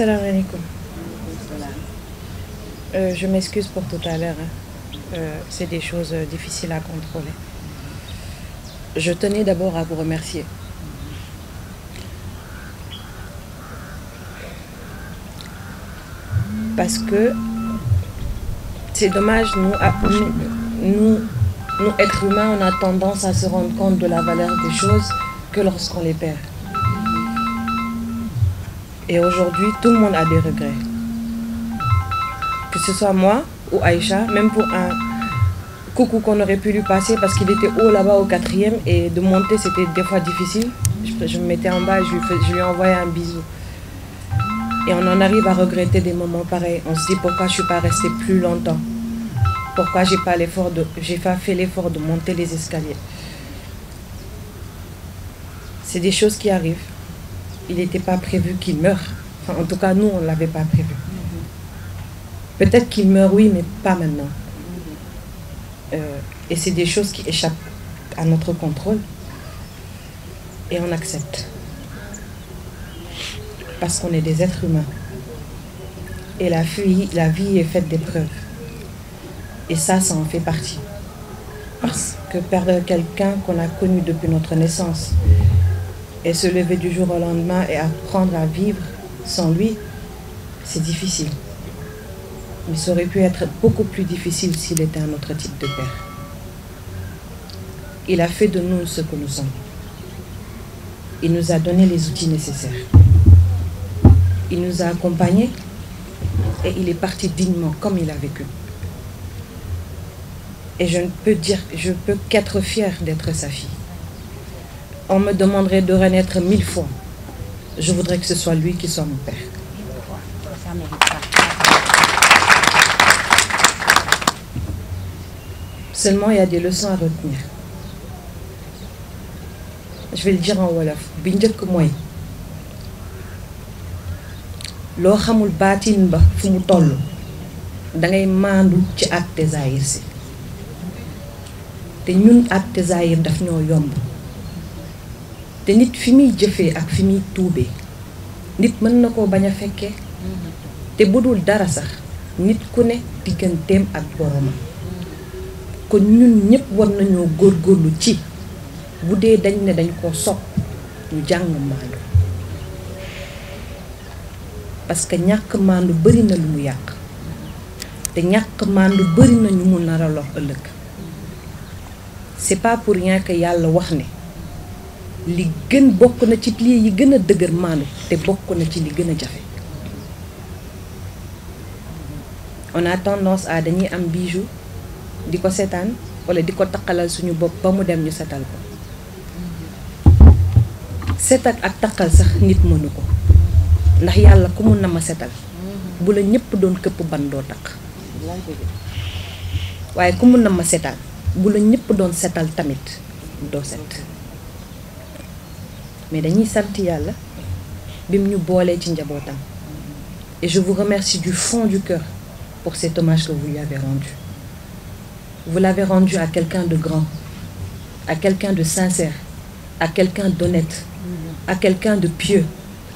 Assalamu alaikum. Euh, je m'excuse pour tout à l'heure. Euh, c'est des choses euh, difficiles à contrôler. Je tenais d'abord à vous remercier. Parce que c'est dommage, nous, nous, nous, êtres humains, on a tendance à se rendre compte de la valeur des choses que lorsqu'on les perd. Et aujourd'hui, tout le monde a des regrets. Que ce soit moi ou Aïcha, même pour un coucou qu'on aurait pu lui passer parce qu'il était haut là-bas au quatrième et de monter, c'était des fois difficile. Je, je, me mettais en bas et je lui, fais, je lui envoyais un bisou. Et on en arrive à regretter des moments pareils. On se dit pourquoi je ne suis pas restée plus longtemps Pourquoi j'ai pas l'effort de, j'ai pas fait l'effort de monter les escaliers C'est des choses qui arrivent. il n'était pas prévu qu'il meure. Enfin, en tout cas, nous, on ne l'avait pas prévu. Peut-être qu'il meurt, oui, mais pas maintenant. Euh, et c'est des choses qui échappent à notre contrôle. Et on accepte. Parce qu'on est des êtres humains. Et la vie, la vie est faite d'épreuves. Et ça, ça en fait partie. Parce que perdre quelqu'un qu'on a connu depuis notre naissance, et se lever du jour au lendemain et apprendre à vivre sans lui, c'est difficile. Mais ça aurait pu être beaucoup plus difficile s'il était un autre type de père. Il a fait de nous ce que nous sommes. Il nous a donné les outils nécessaires. Il nous a accompagnés et il est parti dignement comme il a vécu. Et je ne peux dire, je peux qu'être fière d'être sa fille. on me demanderait de renaître mille fois. Je voudrais que ce soit lui qui soit mon père. Seulement, il le dire en wolof bi njëkk mooy loo xamul baatin ba fu mu toll dangay maandu ci àtte zaahir si te ñun àtte zaahir daf ñoo yomb. te nit fi muy jëfee ak fi muy tuubee nit mën na koo bañ a fekkee te bu dul dara sax nit ku ne digganteem ak boromam kon ñun ñëpp war nañoo góor góorgóorlu ci bu dee dañ ne dañ koo sopp ñu jàng maandu parce que ñàkk maandu bari na lu mu yàq te ñàkk maandu bari na ñu mu nar a lor ëllëg c'est pour rien yàlla wax ne li gën bokk na ci lii yi gën a dëgër maanu te bokk na ci li gën a jafe on a tendance à dañuy am bijou di ko seetaan wala di ko taqalal suñu bopp ba mu dem ñu setal ko setal ak taqal sax nit mënu ko ndax yàlla ku mun na ma setal bu la ñëpp doon këpp ban doo taq waaye ku mun na ma setal bu la ñëpp doon setal tamit doo set mais dañuy sant yàlla bim ñu boolee ci njabootam et je vous remercie du fond du cœur pour cet hommage que vous lui avez rendu vous l'avez rendu à quelqu'un de grand à quelqu'un de sincère à quelqu'un d'honnête à quelqu'un de pieux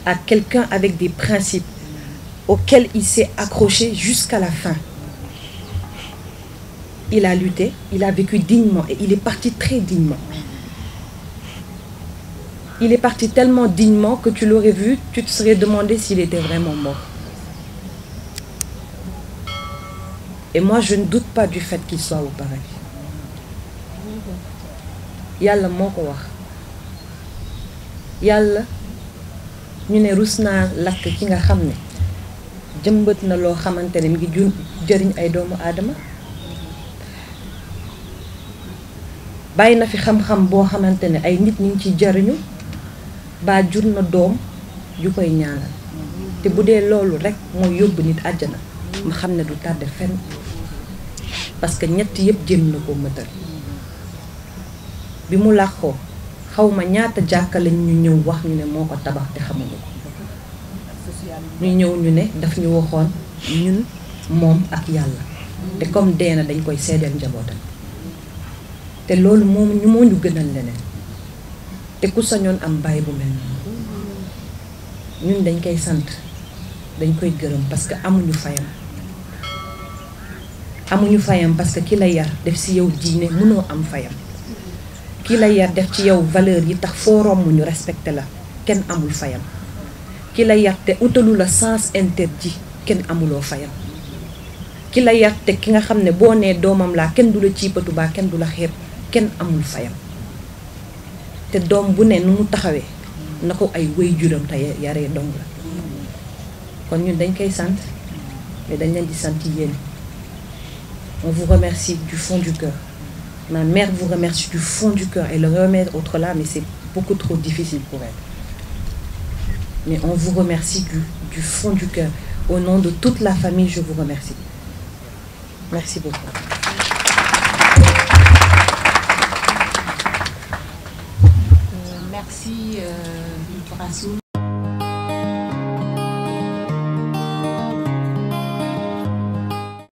à quelqu'un avec des principes auxquels il s'est accroché jusqu'à la fin il a lutté il a vécu dignement et il est parti très dignement il est parti tellement dignement que tu l'aurais vu, tu te serais demandé s'il était vraiment mort. Et moi, je ne doute pas du fait qu'il soit au paradis. yàlla moo ko wax yàlla ñu ne rus naa lakk ki nga xam ne jëmbët na loo xamante ne mi ngi jëriñ ay doomu aadama bàyyi na fi xam-xam boo xamante ne ay nit ñi ngi ciy jariñu ba jur na doom yu koy ñaanal te bu dee loolu rek moo yóbbu nit àjjana ma xam ne du tardé fenn parce que ñett yëpp jéem na ko mëtal bi mu làqoo xaw ma ñaata jàkka lañ ñu ñëw wax ñu ne moo ko tabax te xamuñu ko ñu ñëw ñu ne daf ñu waxoon ñun moom ak yàlla te comme dee na dañ koy seedeel njabootam te loolu moom ñu moo ñu gënal leneen te ku sañoon am baay bu mel ñun dañ koy sant dañ koy gërëm parce que amuñu fayam amuñu fayam parce que ki la yar def ci yow diine mënoo am fayam ki la yar def ci yow valeur yi tax foo romb respecté la kenn amul fayam ki la te utalu la sens interdit kenn amuloo fayam ki la yar te ki nga xam ne boo nee doomam laa kenn du la ciipatu baa kenn du la xeeb kenn amul fayam te doom bu ne nu mu taxawee na ko ay wéy juram te yaree dong la kon ñun dañ koy sant mais dañ leen di sant yéen on vous remercie du fond du cœur ma mère vous remercie du fond du cœur elle le remet autre là mais c'est beaucoup trop difficile pour elle mais on vous remercie du fond du cœur au nom de toute la famille je vous remercie merci beaucoup à